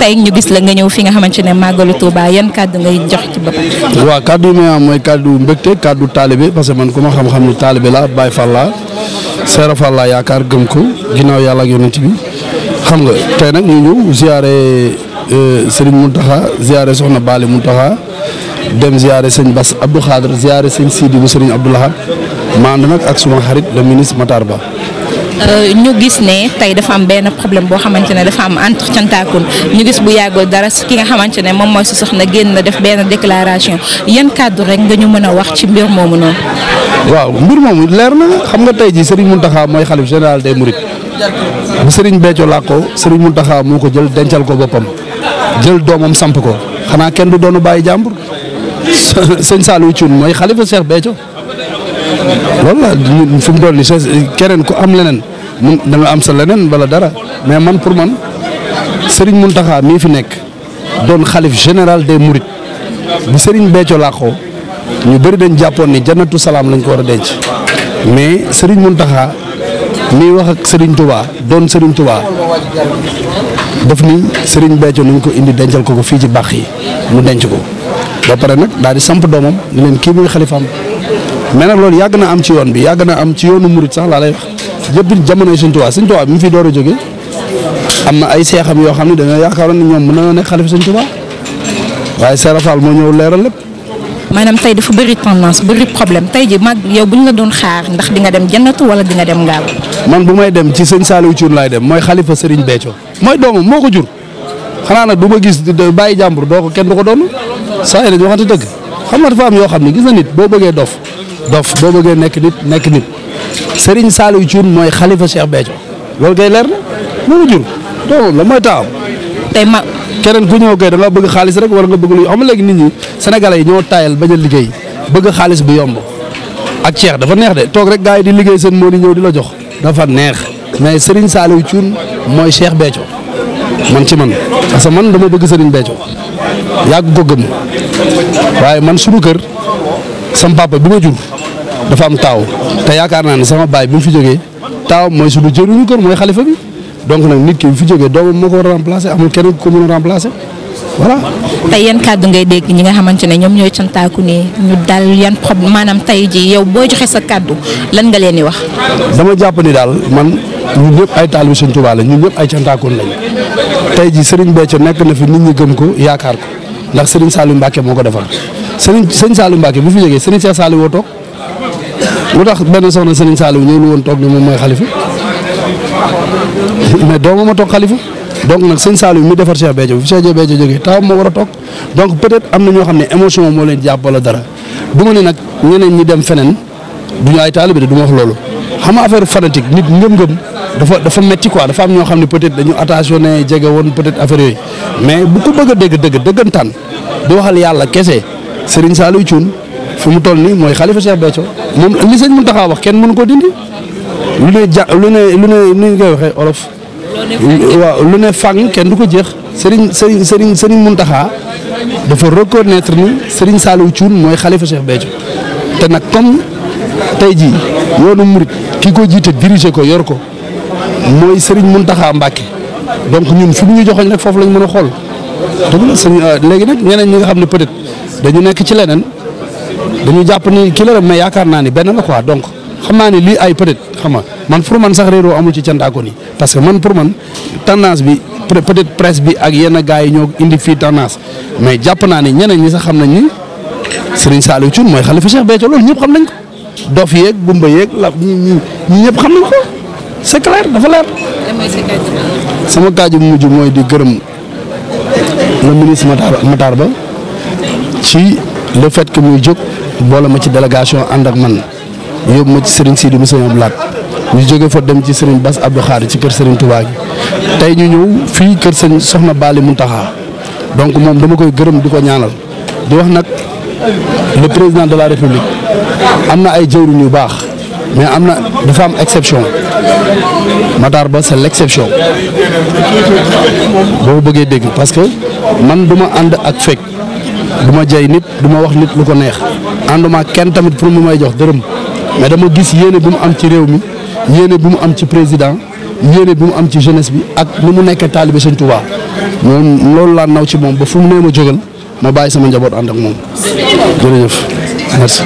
tey ñu gis la nga ñëw fi nga xamante ne màggalu Touba yan kàddu ngay jox ci boppam. waaw kàddu yi may am mooy kàddu mbégte kàddu taalibe parce que man ku ma xam-xam ni taalibe laa Baye Fall la Seera Fall yaakaar gëm ko ginnaaw yàlla ak yonent bi xam nga tey nag ñu ñëw ziare euh, Serigne Mountakha ziare Soxna Bali Mountakha dem ziare sëñ Bass Abdou Khadre ziare sëñ Sidi bu Serigne Abdou Lahad ma ànd nag ak suma xarit le ministre Matar Ba. Euh, ñu gis ne tey dafa am benn problème boo xamante ne dafa am entre cantaakun ñu gis bu yàggoo dara ki nga xamante ne moom mooy su na génn na def benn déclaration yan kàddu rek nga ñu mën a wax ci mbir moomu noonu. waaw mbir moomu leer na xam nga tey jii mun Mountakha mooy xalif général des Mourides bu Serigne Béthio làkkoo Serigne Mountakha moo ko jël dencal ko boppam jël doomam samp ko xanaa kenn du doonu bàyyi jàmbur sëñ Saliou Thioune mooy xalifa Cheikh loolu la ñun fi mu doon nii keneen ku am leneen mun da nga am sa leneen bala dara mais man pour man mun Mountakha mii fi nekk doon xalif général des Mourides bi sëriñ Béthio làqoo ñu bëri dañ jàppoon ni janatu salaam lañ ko war a denc mais mun Mountakha mii wax ak sëriñ Touba doon Serigne Touba daf ni Serigne Béthio nañ ko indi dencal ko ko fii ci baax yi mu denc ko ba pare nag daal di samp doomam ñu leen kii muy xalifaam. mais nag loolu yàgg na am ci yoon bi yàgg na am ci yoonu murit sax laa lay wax yëpp jamonoy Sëñ Tuubaa Sëñ Tuubaa mu fi door a am na ay seexam yoo xam ne dañoo yaakaaroon ne ñoom mën nañoo nekk xalifa Sëñ Tuubaa waaye Serafal moo ñëw leeral lépp. maanaam tey dafa bëri tendance bëri problème tey ji mag yow la doon xaar ndax di nga dem jannatu wala di nga dem ngaaw. man bu may dem ci sëñ Saliou Thioune laay dem mooy xalifa Serigne Béthio mooy doomam moo ko jur xanaa nag du ma gis bàyyi jàmbur doo ko kenn du ko doon saa yi dañu waxante dëgg xam nga dafa am yoo xam ne gis na nit boo bëggee dof dof boo bëggee nekk nit nekk nit Serigne Saliou Thioune mooy xalifa Cheikh Béthio loolu kay leer na moo jur donc la mooy taam tey ma keneen ku ñëw kay da bëgg xaalis rek wala nga bëgg lu xam léegi nit ñi sénégalais yi ñoo taayal bañ liggéey bëgg xaalis bu yomb ak ceex dafa neex de toog rek gars yi di liggéey seen moo di ñëw di la jox dafa neex mais sëriñ Saliou Thioune mooy Cheikh Béthio man ci man parce que man dama bëgg sëriñ Béthio yàgg ko gëm waaye man suñu kër sam bi ma jur dafa am taaw te yaakaar naa ne sama baay bi mu fi jógee taawam mooy suñu jëriñu kër mooy xalifa bi donc nag nit ki bi fi jógee doomam moo ko war a remplacer amul kenn ku ko mën a remplacer voilà. tey yan kàddu ngay dégg ñi nga xamante ne ñoom ñooy cantaaku ne ñu dal yan problème maanaam tey ji yow boo joxe sa kàddu lan nga leen di wax. dama jàpp ni daal man ñun ñëpp ay taalibe Sëñ Tuubaa ñu ñun ñëpp ay cantaakoon lañ tey ji Serigne Béthio nekk na fi nit ñi gëm ko yaakaar ko ndax Serigne Saliou Mbacke moo ko defar Serigne Sëñ Saliou Mbacke bu fi jegee Serigne Cheikh Saliou lu tax benn soxna Serigne Saliou ñëw woon toog ne moom mooy xalifa mais doomam a toog xalifa donc nag sëñ Saliou mi defar Cheikh Béthio bu fi Cheikh Béthio jógee taawam moo war a toog donc peut-être am na ñoo xam ne émotion moo leen jàpp wala dara du ma ne nag ñeneen ñi dem feneen du ñu ay taalibe de du ma wax loolu xam nga affaire fanatique nit ngëm-ngëm dafa dafa metti quoi dafa am ñoo xam ne peut-être dañu attentionné jege woon peut-être affaire yooyu mais bu ko bëgg a dégg dëgg dëggantaan di waxal yàlla kese Serigne Saliou Thioune fu mu toll nii mooy xalifa Cheikh Béthio moom li sëñ taxaa wax kenn mënu ko dindi lu ne ja lu ne lu ne nu ñu koy waxee olof. waaw lu ne fang kenn du ko jeex Serigne Serigne Serigne Serigne Mountakha dafa reconnaître ni Serigne Saliou Thioune mooy xalifa Cheikh Béthio te nag comme tey jii yoonu murit kii ko jiite diriger ko yor ko mooy Serigne Mountakha Mbacké donc ñun fu ñu joxoñ rek foofu lañ mën a xool dëgg la euh, léegi nag ñeneen ñi nga xam ne peut-être dañu nekk ci leneen. dañu jàpp ni kii la mais yaakaar naa ni benn la quoi donc xam naa ni lii ay peut-être xam nga man pour man sax réeroo amul ci cantaakon yi parce que man pour man tendance bi peut-être presse bi ak yenn gars yi ñoo indi fii tendance mais jàpp naa ni ñeneen ñi sax xam nañ ni Serigne Saliou Thioune mooy xalifa Cheikh Béthio loolu ñëpp xam nañ ko dof yeeg bumba yeeg la ñi ñëpp xam nañ ko c'est dafa leer. sama kaaju mujj mooy di gërëm le ministre Matar Matar Ba le fait que muy jóg boole ma ci délégation ànd ak man yóbbu ma ci Serigne mu Moussa Blaat ñu jóge foo dem ci Serigne Bass Abdou Khadre ci kër Serigne Touba gi tey ñu ñëw fii kër Serigne Soxna Bally Mountakha donc moom dama koy gërëm di ko ñaanal di wax nag le président de la république am na ay jëwriñ yu baax mais am na dafa am exception Matar Ba c'est l'exception boo bëggee dégg parce que man duma ànd ak fekk. du ma jay nit du ma wax nit lu ko neex ànduma kenn tamit pour mu may jox dërëm mais dama gis yéene bu mu am ci réew mi yéene bu mu am ci président yéene bi mu am ci jeunesse bi ak ni mu nekk taalibe sëñ Tuubaa moom loolu laa naw ci moom ba fu mu nee ma jógal ma bàyyi sama njaboot ànd ak moom jërëjëf merci